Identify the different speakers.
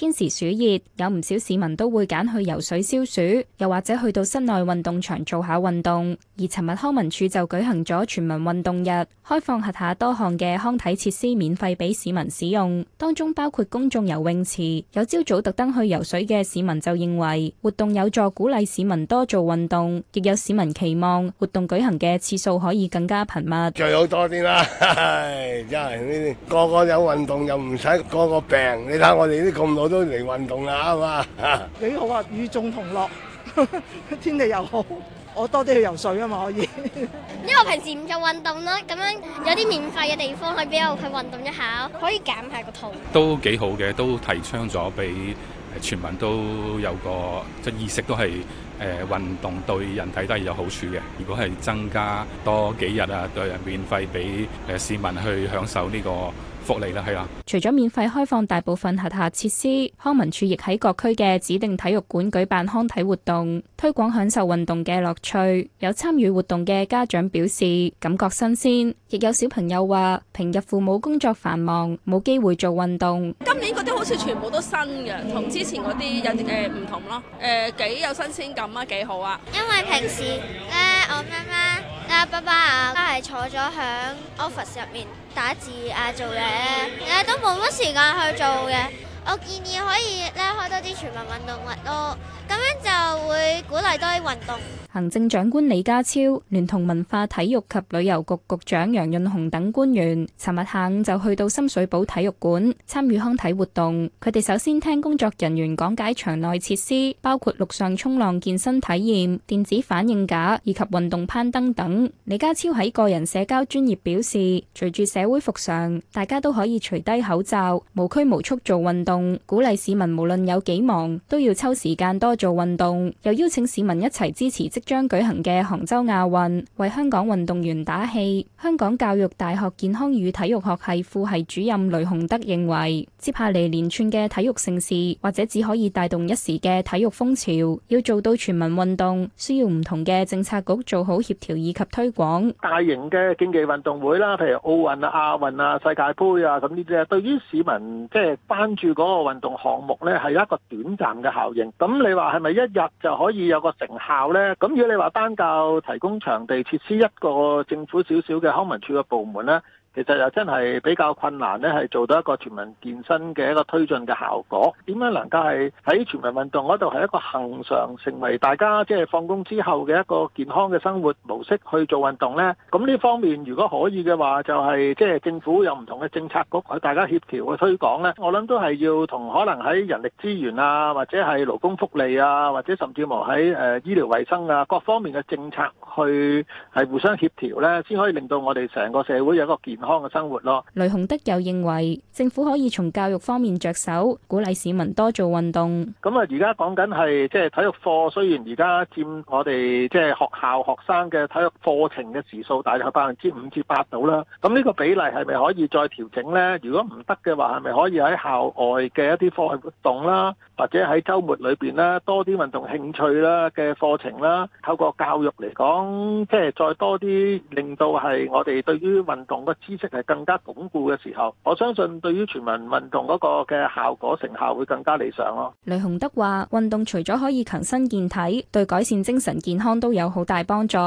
Speaker 1: 天時暑熱，有唔少市民都會揀去游水消暑，又或者去到室內運動場做下運動。而尋日康文署就舉行咗全民運動日，開放轄下多項嘅康體設施免費俾市民使用，當中包括公眾游泳池。有朝早特登去游水嘅市民就認為活動有助鼓勵市民多做運動，亦有市民期望活動舉行嘅次數可以更加頻密，最好多啲
Speaker 2: 啦！哈哈真係呢啲個個有運動又唔使個個病，你睇我哋啲咁老。都嚟運動啦，係嘛？幾好啊！與眾同樂，天氣又好，我多啲去游水啊嘛！可以，
Speaker 1: 因為我平時唔做運動啦，咁樣有啲免費嘅地方去，俾我去運動一下，可以減下個肚。
Speaker 2: 都幾好嘅，都提倡咗俾全民都有個即係意識，都係誒運動對人體都係有好處嘅。如果係增加多幾日啊，對人免費俾誒市民去享受呢個福利啦，
Speaker 1: 除咗免費開放大部分轄下設施，康文署亦喺各區嘅指定體育館舉辦康體活動，推廣享受運動嘅樂趣。有參與活動嘅家長表示，感覺新鮮，亦有小朋友話平日父母工作繁忙，冇機會做運動，今年嗰啲好似全部都新嘅，同之前嗰啲有啲誒唔同咯。誒、呃、幾有新鮮感啊，幾好啊。因為平時咧、嗯，我媽媽。爸爸啊，都係坐咗響 office 入面打字啊，做嘢咧都冇乜時間去做嘅。我建議可以咧開多啲全民運動活動。咁樣就會鼓勵多啲運動。行政長官李家超聯同文化體育及旅遊局局長楊潤雄等官員，尋日下午就去到深水埗體育館參與康體活動。佢哋首先聽工作人員講解場內設施，包括陸上衝浪、健身體驗、電子反應架以及運動攀登等。李家超喺個人社交專頁表示，隨住社會復常，大家都可以除低口罩，無拘無束做運動，鼓勵市民無論有幾忙，都要抽時間多做運動，又邀請市民一齊支持即將舉行嘅杭州亞運，為香港運動員打氣。香港教育大學健康與體育學系副系主任雷洪德認為，接下嚟連串嘅體育盛事或者只可以帶動一時嘅體育風潮。要做到全民運動，需要唔同嘅政策局做好協調以及推廣。
Speaker 2: 大型嘅競技運動會啦，譬如奧運啊、亞運啊、世界杯啊，咁呢啲對於市民即係關注嗰個運動項目呢，係一個短暫嘅效應。咁你話？係咪一日就可以有個成效咧？咁如果你話單靠提供場地設施，一個政府少少嘅康文署嘅部門咧？其實又真係比較困難呢，係做到一個全民健身嘅一個推進嘅效果。點樣能夠係喺全民運動嗰度係一個恆常，成為大家即係放工之後嘅一個健康嘅生活模式去做運動呢？咁呢方面如果可以嘅話，就係即係政府有唔同嘅政策局去大家協調去推廣呢。我諗都係要同可能喺人力資源啊，或者係勞工福利啊，或者甚至乎喺誒醫療衞生啊各方面嘅政策去係互相協調呢，先可以令到我哋成個社會有個健康康嘅生活咯，
Speaker 1: 雷雄德又認為政府可以從教育方面着手，鼓勵市民多做運動。
Speaker 2: 咁啊，而家講緊係即係體育課，雖然而家佔我哋即係學校學生嘅體育課程嘅時數大概百分之五至八度啦。咁呢個比例係咪可以再調整咧？如果唔得嘅話，係咪可以喺校外嘅一啲課外活動啦，或者喺週末裏邊啦，多啲運動興趣啦嘅課程啦，透過教育嚟講，即係再多啲，令到係我哋對於運動嘅知即係更加鞏固嘅時候，我相信對於全民運動嗰個嘅效果成效會更加理想囉。
Speaker 1: 雷洪德話：運動除咗可以強身健體，對改善精神健康都有好大幫助。